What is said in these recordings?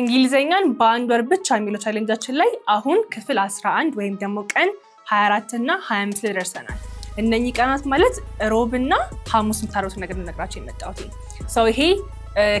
እንግሊዘኛን በአንድ ወር ብቻ የሚለው ቻሌንጃችን ላይ አሁን ክፍል 11 ወይም ደግሞ ቀን 24 እና 25 ላይ ደርሰናል። እነኚህ ቀናት ማለት ሮብና ሐሙስ የምታረጉት ነገር ልነግራቸው የመጣሁት ሰው ይሄ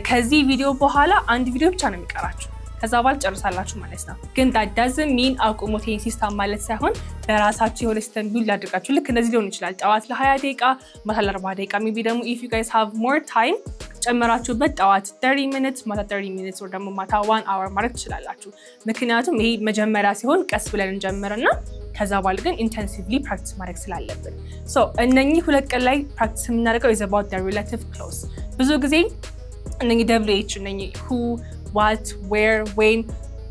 ከዚህ ቪዲዮ በኋላ አንድ ቪዲዮ ብቻ ነው የሚቀራችሁ። ከዛ በኋላ ጨርሳላችሁ ማለት ነው። ግን ዳዳዝ ሚን አቁሞቴን ይህን ሲስተም ማለት ሳይሆን በራሳችሁ የሆነ ሲስተም ቢውል ላድርጋችሁ። ልክ እንደዚህ ሊሆን ይችላል። ጠዋት ለ20 ደቂቃ፣ ማታ ለ40 ደቂቃ ሜይ ቢ ደግሞ ኢፍ ዩ ጋይስ ሃቭ ሞር ታይም ጨመራችሁበት ጠዋት 30 ሚኒትስ ማታ 30 ሚኒትስ ወር ደግሞ ማታ ዋን አወር ማድረግ ትችላላችሁ። ምክንያቱም ይሄ መጀመሪያ ሲሆን ቀስ ብለን እንጀምርና ከዛ በኋላ ግን ኢንቴንሲቭሊ ፕራክቲስ ማድረግ ስላለብን እነኚህ ሁለት ቀን ላይ ፕራክቲስ የምናደርገው ኢዝ አባውት ሪላቲቭ ክሎዝ። ብዙ ጊዜ እነኚህ ደብሊው ኤች እነኚህ ሁ ዋት ዌር ዌን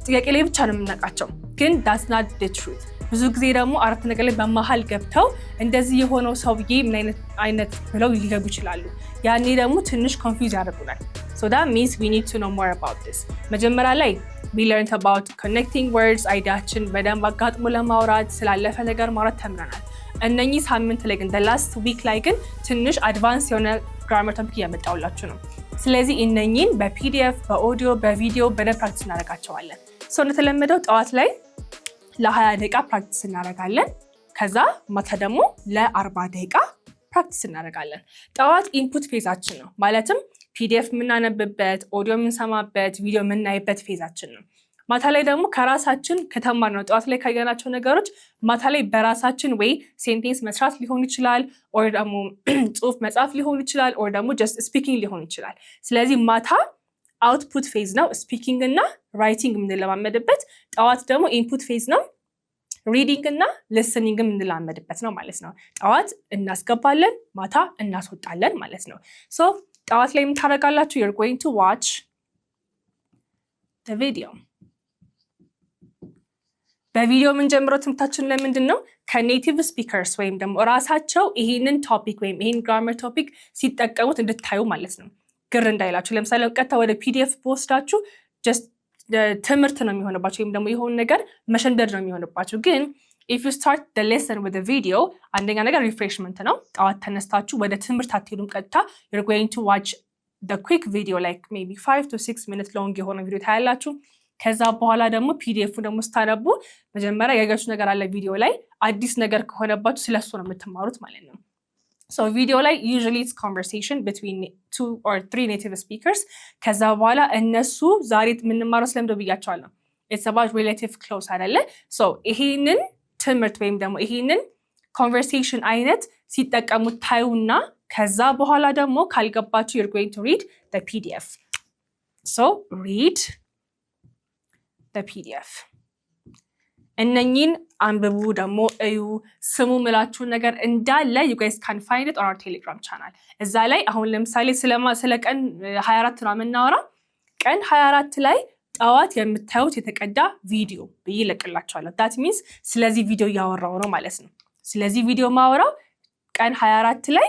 ጥያቄ ላይ ብቻ ነው የምናውቃቸው፣ ግን ዳስ ናት ዘ ብዙ ጊዜ ደግሞ አረፍተ ነገር ላይ በመሀል ገብተው እንደዚህ የሆነው ሰውዬ ምን አይነት አይነት ብለው ሊገቡ ይችላሉ። ያኔ ደግሞ ትንሽ ኮንፊውዝ ያደርጉናል። ሶ ዳት ሚንስ ዊ ኒድ ቱ ኖ ሞር አባውት ዲስ። መጀመሪያ ላይ ዊ ለርንት አባውት ኮኔክቲንግ ወርድስ አይዲያችን በደንብ አጋጥሞ ለማውራት ስላለፈ ነገር ማውራት ተምረናል። እነኚህ ሳምንት ላይ ግን ላስት ዊክ ላይ ግን ትንሽ አድቫንስ የሆነ ግራመር ተምክ እያመጣውላችሁ ነው። ስለዚህ እነኚህን በፒዲኤፍ በኦዲዮ በቪዲዮ በደንብ ፕራክቲስ እናደርጋቸዋለን። ሰው እንደተለመደው ጠዋት ላይ ለ20 ደቂቃ ፕራክቲስ እናደርጋለን። ከዛ ማታ ደግሞ ለ40 ደቂቃ ፕራክቲስ እናደርጋለን። ጠዋት ኢንፑት ፌዛችን ነው ማለትም ፒዲኤፍ የምናነብበት፣ ኦዲዮ የምንሰማበት፣ ቪዲዮ የምናይበት ፌዛችን ነው። ማታ ላይ ደግሞ ከራሳችን ከተማር ነው ጠዋት ላይ ካየናቸው ነገሮች ማታ ላይ በራሳችን ወይ ሴንቴንስ መስራት ሊሆን ይችላል፣ ኦር ደግሞ ጽሁፍ መጻፍ ሊሆን ይችላል፣ ኦር ደግሞ ጀስት ስፒኪንግ ሊሆን ይችላል። ስለዚህ ማታ አውትፑት ፌዝ ነው። ስፒኪንግ እና ራይቲንግ የምንለማመድበት ጠዋት ደግሞ ኢንፑት ፌዝ ነው። ሪዲንግ እና ልስኒንግ የምንለማመድበት ነው ማለት ነው። ጠዋት እናስገባለን፣ ማታ እናስወጣለን ማለት ነው። ሶ ጠዋት ላይ የምታደርጋላችሁ ዩር ጎይንግ ቱ ዋች ቪዲዮ። በቪዲዮ የምንጀምረው ትምህርታችን ለምንድን ነው? ከኔቲቭ ስፒከርስ ወይም ደግሞ ራሳቸው ይህንን ቶፒክ ወይም ይህን ግራመር ቶፒክ ሲጠቀሙት እንድታዩ ማለት ነው። ግር እንዳይላችሁ። ለምሳሌ ቀጥታ ወደ ፒዲኤፍ በወስዳችሁ ትምህርት ነው የሚሆንባቸው ወይም ደግሞ የሆኑ ነገር መሸንደድ ነው የሚሆንባቸው። ግን ኢፍ ዩ ስታርት ደ ሌሰን ወደ ቪዲዮ አንደኛ ነገር ሪፍሬሽመንት ነው። ጠዋት ተነስታችሁ ወደ ትምህርት አትሄዱም። ቀጥታ ዩር ጎይንግ ቱ ዋች ኩክ ቪዲዮ ላይክ ሜይ ቢ ፋይቭ ቱ ሲክስ ሚኒት ሎንግ የሆነ ቪዲዮ ታያላችሁ። ከዛ በኋላ ደግሞ ፒዲኤፉ ደግሞ ስታነቡ መጀመሪያ ያያችሁ ነገር አለ ቪዲዮ ላይ አዲስ ነገር ከሆነባችሁ ስለሱ ነው የምትማሩት ማለት ነው። So video like usually it's conversation between two or three native speakers. Kazawala and Nasu Zarit Minimaroslem do Bigachala. It's about relative close harale. So ihinin timert wem demo ihinin conversation ainet sita kamutayuna kazabuhala demo kalgabachu you're going to read the PDF. So read the PDF. እነኚህን አንብቡ ደግሞ እዩ ስሙ ምላችሁን ነገር እንዳለ ዩጋይስ ካን ፋይንድ ኦን ቴሌግራም ቻናል። እዛ ላይ አሁን ለምሳሌ ስለ ቀን 24 ነው የምናወራ። ቀን 24 ላይ ጠዋት የምታዩት የተቀዳ ቪዲዮ ብዬ ይለቅላቸዋለሁ። ዳት ሚንስ ስለዚህ ቪዲዮ እያወራው ነው ማለት ነው። ስለዚህ ቪዲዮ ማወራው ቀን 24 ላይ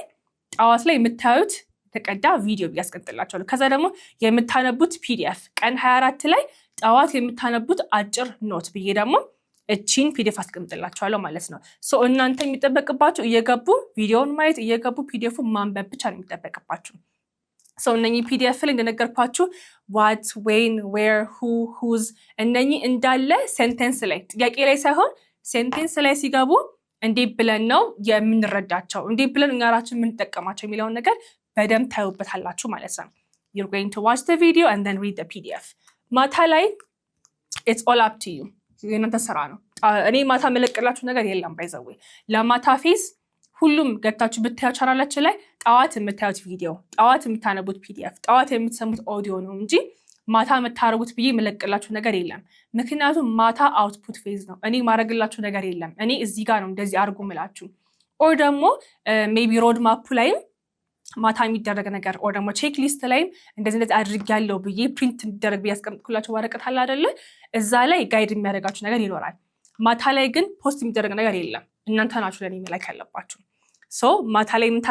ጠዋት ላይ የምታዩት የተቀዳ ቪዲዮ ብዬ አስቀምጥላቸዋለሁ። ከዛ ደግሞ የምታነቡት ፒዲኤፍ ቀን 24 ላይ ጠዋት የምታነቡት አጭር ኖት ብዬ ደግሞ እቺን ፒዲኤፍ አስቀምጥላችኋለሁ ማለት ነው። እናንተ የሚጠበቅባችሁ እየገቡ ቪዲዮን ማየት እየገቡ ፒዲፉ ማንበብ ብቻ ነው የሚጠበቅባችሁ። ሰው እነኚህ ፒዲኤፍ ላይ እንደነገርኳችሁ ዋት፣ ዌን፣ ዌር፣ ሁ፣ ሁዝ እነኚህ እንዳለ ሴንቴንስ ላይ ጥያቄ ላይ ሳይሆን ሴንቴንስ ላይ ሲገቡ እንዴት ብለን ነው የምንረዳቸው፣ እንዴት ብለን ራችን የምንጠቀማቸው የሚለውን ነገር በደንብ ታዩበታላችሁ ማለት ነው። ዩር going to watch the video and ማታ ላይ it's ኦል up to የእናንተ ስራ ነው። እኔ ማታ መለቅላችሁ ነገር የለም። ባይዘዌ ለማታ ፌዝ ሁሉም ገብታችሁ ብታዩ ቻናላችን ላይ ጠዋት የምታዩት ቪዲዮ፣ ጠዋት የምታነቡት ፒዲኤፍ፣ ጠዋት የምትሰሙት ኦዲዮ ነው እንጂ ማታ የምታረጉት ብዬ የምለቅላችሁ ነገር የለም። ምክንያቱም ማታ አውትፑት ፌዝ ነው። እኔ ማድረግላችሁ ነገር የለም። እኔ እዚህ ጋር ነው እንደዚህ አድርጉ ምላችሁ ኦር ደግሞ ቢ ሮድማፕ ማፑ ላይም ማታ የሚደረግ ነገር ኦር ደግሞ ቼክ ሊስት ላይም እንደዚህ እንደዚህ አድርግ ያለው ብዬ ፕሪንት እንዲደረግ ብዬ ያስቀምጥኩላቸው ወረቀት አለ አደለ፣ እዛ ላይ ጋይድ የሚያደርጋችሁ ነገር ይኖራል። ማታ ላይ ግን ፖስት የሚደረግ ነገር የለም። እናንተ ናችሁ ለእኔ መላክ ያለባችሁ። ሶ ማታ ላይ ምን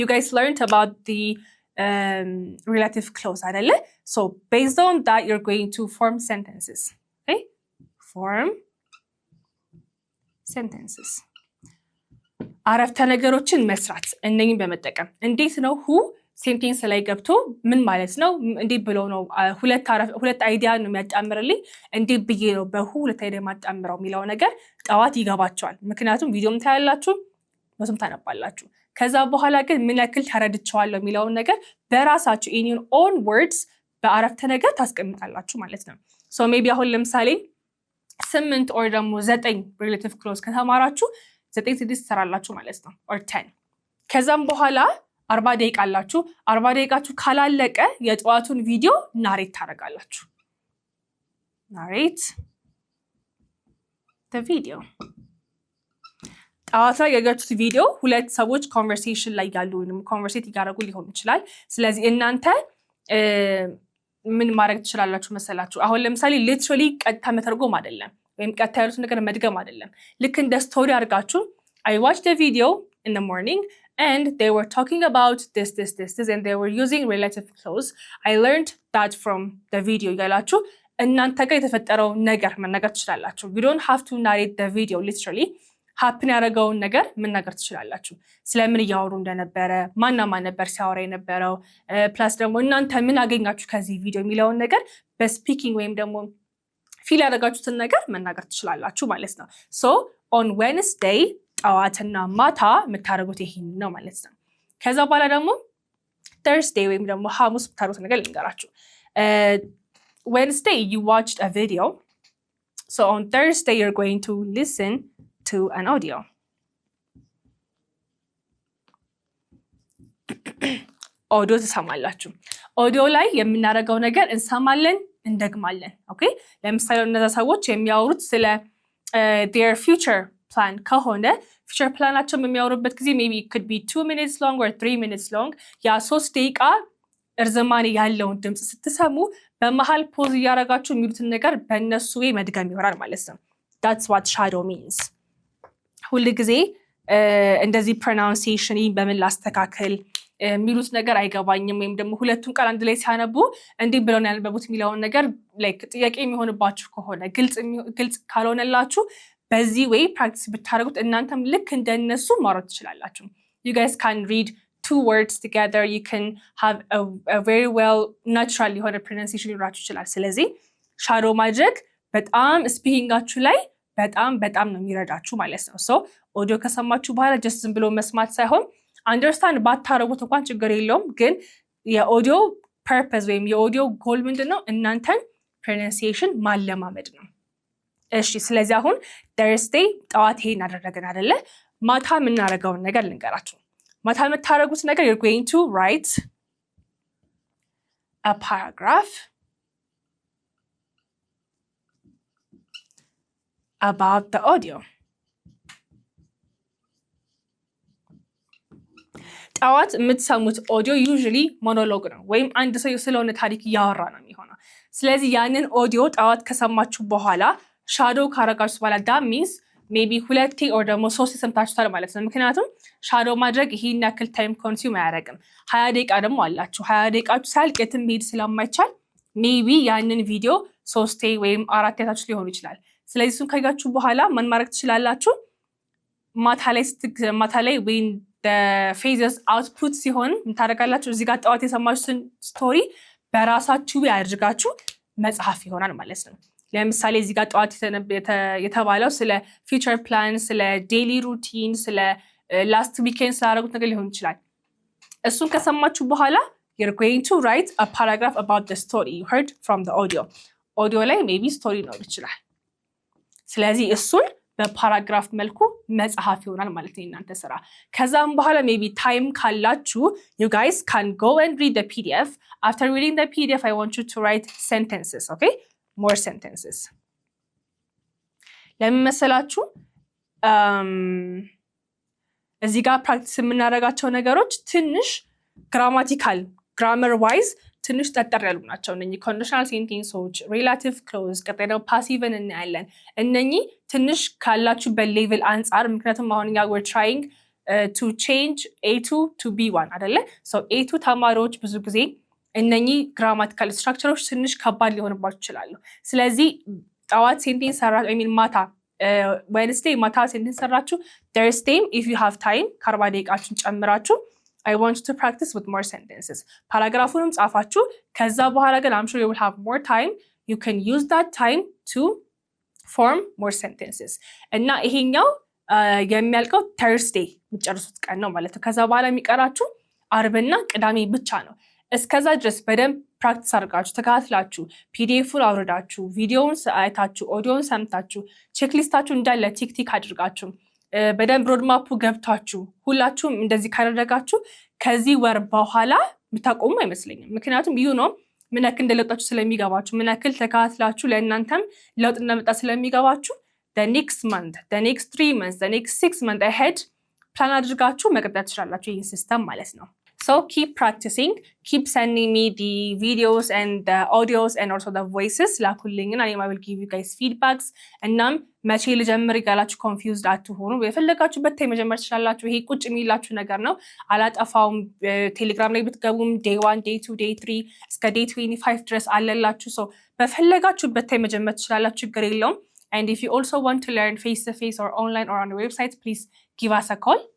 ዩ ጋይስ ለርንት አባውት ዲ ሪላቲቭ ክሎዝ አደለ። ሶ ቤዝድ ኦን ዳት ዩር ጎይንግ ቱ ፎርም ሴንተንስስ ፎርም ሴንተንስስ አረፍተ ነገሮችን መስራት እነኝን በመጠቀም እንዴት ነው ሁ ሴንቴንስ ላይ ገብቶ ምን ማለት ነው? እንዴት ብሎ ነው? ሁለት አይዲያ ነው የሚያጣምርልኝ። እንዴት ብዬ ነው በሁ ሁለት አይዲያ የማጣምረው የሚለው ነገር ጠዋት ይገባቸዋል። ምክንያቱም ቪዲዮም ታያላችሁ፣ ኖትም ታነባላችሁ። ከዛ በኋላ ግን ምን ያክል ተረድቸዋለሁ የሚለውን ነገር በራሳችሁ ኢኒን ኦን ወርድስ በአረፍተ ነገር ታስቀምጣላችሁ ማለት ነው። ሶ ሜቢ አሁን ለምሳሌ ስምንት ኦር ደግሞ ዘጠኝ ሪሌቲቭ ክሎዝ ከተማራችሁ ዘጠኝ ስድስት ትሰራላችሁ ማለት ነው ኦር ተን ከዛም በኋላ አርባ ደቂቃ አላችሁ። አርባ ደቂቃችሁ ካላለቀ የጠዋቱን ቪዲዮ ናሬት ታደርጋላችሁ። ናሬት ቪዲዮ ጠዋት ላይ ያያችሁት ቪዲዮ ሁለት ሰዎች ኮንቨርሴሽን ላይ ያሉ ወይም ኮንቨርሴት እያደረጉ ሊሆን ይችላል። ስለዚህ እናንተ ምን ማድረግ ትችላላችሁ መሰላችሁ? አሁን ለምሳሌ ሊትራሊ ቀጥታ መተርጎም አይደለም ወይም ቀጥታ ያሉትን ነገር መድገም አይደለም። ልክ እንደ ስቶሪ አድርጋችሁ አይ ዋች ደ ቪዲዮ ኢን ሞርኒንግ ኤንድ ዜይ ወር ታኪንግ አባውት ዲስ ዲስ ዲስ ኤንድ ዜይ ወር ዩዚንግ ሪሌቲቭ ክሎዝ አይ ለርንድ ዳት ፍሮም ደ ቪዲዮ እያላችሁ እናንተ ጋር የተፈጠረው ነገር መናገር ትችላላችሁ። ዩ ዶንት ሃቭ ቱ ናሬት ደ ቪዲዮ ሊትራሊ ሀፕን ያደረገውን ነገር መናገር ትችላላችሁ። ስለምን እያወሩ እንደነበረ ማና ማን ነበር ሲያወራ የነበረው፣ ፕላስ ደግሞ እናንተ ምን አገኛችሁ ከዚህ ቪዲዮ የሚለውን ነገር በስፒኪንግ ወይም ደግሞ ፊል ያደረጋችሁትን ነገር መናገር ትችላላችሁ ማለት ነው። ሶ ኦን ዌንስዴይ ጠዋትና ማታ የምታደርጉት ይሄን ነው ማለት ነው። ከዛ በኋላ ደግሞ ተርስዴይ ወይም ደግሞ ሐሙስ የምታደርጉት ነገር ልንገራችሁ። ዌንስዴይ ዩ ዋችድ አ ቪዲዮ ሶ ኦን ተርስዴይ ዩር ጎይንግ ቱ ሊስን ቱ አን ኦዲዮ ኦዲዮ ትሰማላችሁ። ኦዲዮ ላይ የምናደርገው ነገር እንሰማለን እንደግማለን። ኦኬ ለምሳሌ እነዛ ሰዎች የሚያወሩት ስለ ር ፊውቸር ፕላን ከሆነ ፊውቸር ፕላናቸውን በሚያወሩበት ጊዜ ሜይ ቢ ክድ ቢ ቱ ሚኒትስ ሎንግ ኦር ትሪ ሚኒትስ ሎንግ ያ ሶስት ደቂቃ እርዝማኔ ያለውን ድምፅ ስትሰሙ በመሀል ፖዝ እያደረጋችሁ የሚሉትን ነገር በእነሱ ወይ መድገም ይሆናል ማለት ነው። ዳትስ ዋት ሻዶ ሚንስ። ጊዜ እንደዚህ ፕሮናንሴሽን በምን ላስተካክል የሚሉት ነገር አይገባኝም ወይም ደግሞ ሁለቱን ቃል አንድ ላይ ሲያነቡ እንዲህ ብለውን ያነበቡት የሚለውን ነገር ላይክ ጥያቄ የሚሆንባችሁ ከሆነ ግልጽ ካልሆነላችሁ በዚህ ወይ ፕራክቲስ ብታደርጉት እናንተም ልክ እንደነሱ ማውራት ትችላላችሁ። ዩ ጋይስ ካን ሪድ ቱ ወርድስ ቱጌዘር ዩ ካን ሃቭ ቬሪ ዌል ናቹራል የሆነ ፕሮናንሲሽን ሊኖራችሁ ይችላል። ስለዚህ ሻዶ ማድረግ በጣም ስፒኪንጋችሁ ላይ በጣም በጣም ነው የሚረዳችሁ ማለት ነው። ሶ ኦዲዮ ከሰማችሁ በኋላ ጀስት ዝም ብሎ መስማት ሳይሆን አንደርስታንድ ባታረጉት እንኳን ችግር የለውም። ግን የኦዲዮ ፐርፐዝ ወይም የኦዲዮ ጎል ምንድን ነው? እናንተን ፕሮናንሲዬሽን ማለማመድ ነው። እሺ፣ ስለዚህ አሁን ደርስቴ ጠዋት ይሄን አደረገን አደለ? ማታ የምናደርገውን ነገር ልንገራችሁ። ማታ የምታደርጉት ነገር ዩር going ቱ write a paragraph about the ጠዋት የምትሰሙት ኦዲዮ ዩዥሊ ሞኖሎግ ነው ወይም አንድ ሰው ስለሆነ ታሪክ እያወራ ነው የሚሆነው። ስለዚህ ያንን ኦዲዮ ጠዋት ከሰማችሁ በኋላ ሻዶ ካረጋችሁ በኋላ ዳ ሚንስ ቢ ሁለቴ ኦር ደግሞ ሶስት ሰምታችሁታል ማለት ነው። ምክንያቱም ሻዶ ማድረግ ይሄን ያክል ታይም ኮንሱም አያደርግም። ሀያ ደቂቃ ደግሞ አላችሁ። ሀያ ደቂቃችሁ ሳያልቅ የትም መሄድ ስለማይቻል ሜቢ ያንን ቪዲዮ ሶስቴ ወይም አራት ያታችሁ ሊሆኑ ይችላል። ስለዚህ እሱን ካያችሁ በኋላ ምን ማድረግ ትችላላችሁ? ማታ ላይ ማታ ላይ ወይም ፌዘስ አውትፑት ሲሆን የምታደርጋላችሁ እዚህ ጋር ጠዋት የሰማችሁትን ስቶሪ በራሳችሁ ያደርጋችሁ መጽሐፍ ይሆናል ማለት ነው። ለምሳሌ እዚህ ጋር ጠዋት የተባለው ስለ ፊውቸር ፕላን፣ ስለ ዴሊ ሩቲን፣ ስለ ላስት ዊኬንድ ስላደረጉት ነገር ሊሆን ይችላል። እሱን ከሰማችሁ በኋላ ዩር going ቱ write a paragraph about the story you heard ኦዲዮ ላይ ሜይ ቢ ስቶሪ ሊኖር ይችላል። ስለዚህ እሱን በፓራግራፍ መልኩ መጽሐፍ ይሆናል ማለት ነው የእናንተ ስራ። ከዛም በኋላ ሜቢ ታይም ካላችሁ ዩ ጋይስ ካን ጎ ኤንድ ሪድ ደ ፒዲኤፍ አፍተር ሪዲንግ ደ ፒዲኤፍ አይ ዋንት ዩ ቱ ራይት ሴንተንስስ ኦኬ ሞር ሴንተንስስ ለሚመሰላችሁ እዚህ ጋር ፕራክቲስ የምናደርጋቸው ነገሮች ትንሽ ግራማቲካል ግራመር ዋይዝ ትንሽ ጠጠር ያሉ ናቸው። እነ ኮንዲሽናል ሴንቴንሶች፣ ሬላቲቭ ክሎዝ፣ ቀጣይ ፓሲቭን እናያለን። እነኚህ ትንሽ ካላችሁበት ሌቭል አንጻር ምክንያቱም አሁን እኛ ወር ትራይንግ ቱ ቼንጅ ኤቱ ቱ ቢ ዋን አደለ ኤቱ ተማሪዎች ብዙ ጊዜ እነኚህ ግራማቲካል ስትራክቸሮች ትንሽ ከባድ ሊሆንባቸው ይችላሉ። ስለዚህ ጠዋት ሴንቴንስ ሰራ ሚን ማታ ዌንስዴይ uh, ማታ ሴንቴንስ ሰራችሁ፣ ደርስቴም ኢፍ ዩ ሃቭ ታይም ከአርባ ደቂቃችሁን ጨምራችሁ አይ ዋንት ቱ ፕራክቲስ ዊዝ ሞር ሴንተንስስ ፓራግራፉንም ጻፋችሁ። ከዛ በኋላ ግን አም ሹር ዩ ዊል ሃቭ ሞር ታይም ዩ ካን ዩዝ ዳት ታይም ቱ ፎርም ሞር ሴንተንስስ እና ይሄኛው የሚያልቀው ተርስዴ የምጨርሱት ቀን ነው ማለት ነው። ከዛ በኋላ የሚቀራችሁ አርብና ቅዳሜ ብቻ ነው። እስከዛ ድረስ በደንብ ፕራክቲስ አድርጋችሁ ተከታትላችሁ ፒዲኤፉን አውርዳችሁ ቪዲዮውን አይታችሁ ኦዲዮውን ሰምታችሁ ቼክሊስታችሁ እንዳለ ቲክቲክ አድርጋችሁ በደንብ ሮድማፑ ገብታችሁ ሁላችሁም እንደዚህ ካደረጋችሁ ከዚህ ወር በኋላ ብታቆሙ አይመስለኝም። ምክንያቱም ይሁ ነው ምን ያክል እንደለውጣችሁ ስለሚገባችሁ፣ ምን ያክል ተከታትላችሁ ለእናንተም ለውጥ እንደመጣ ስለሚገባችሁ ኔክስት ማንት ኔክስት ትሪ መንት ኔክስት ሲክስ ማንት ሄድ ፕላን አድርጋችሁ መቀጠል ትችላላችሁ ይህን ሲስተም ማለት ነው። So keep practicing, keep sending me the videos and the audios and also the voices ላኩልኝና እኔም አይ ዊል ጊቭ ዩ ጋይስ ፊድባክስ። እናም መቼ ልጀምር እያላችሁ ኮንፊውዝድ አትሆኑ። የፈለጋችሁበት ታይም መጀመር ትችላላችሁ። ይሄ ቁጭ የሚላችሁ ነገር ነው፣ አላጠፋውም። ቴሌግራም ላይ ብትገቡም ዴይ ዋን፣ ዴይ ቱ፣ ዴይ ትሪ እስከ ዴይ ትዌንቲ ፋይቭ ድረስ አለላችሁ። ሰው በፈለጋችሁበት ታይም መጀመር ትችላላችሁ፣ ችግር የለውም። And if you also want to learn face to face or online or on the website, please give us a call.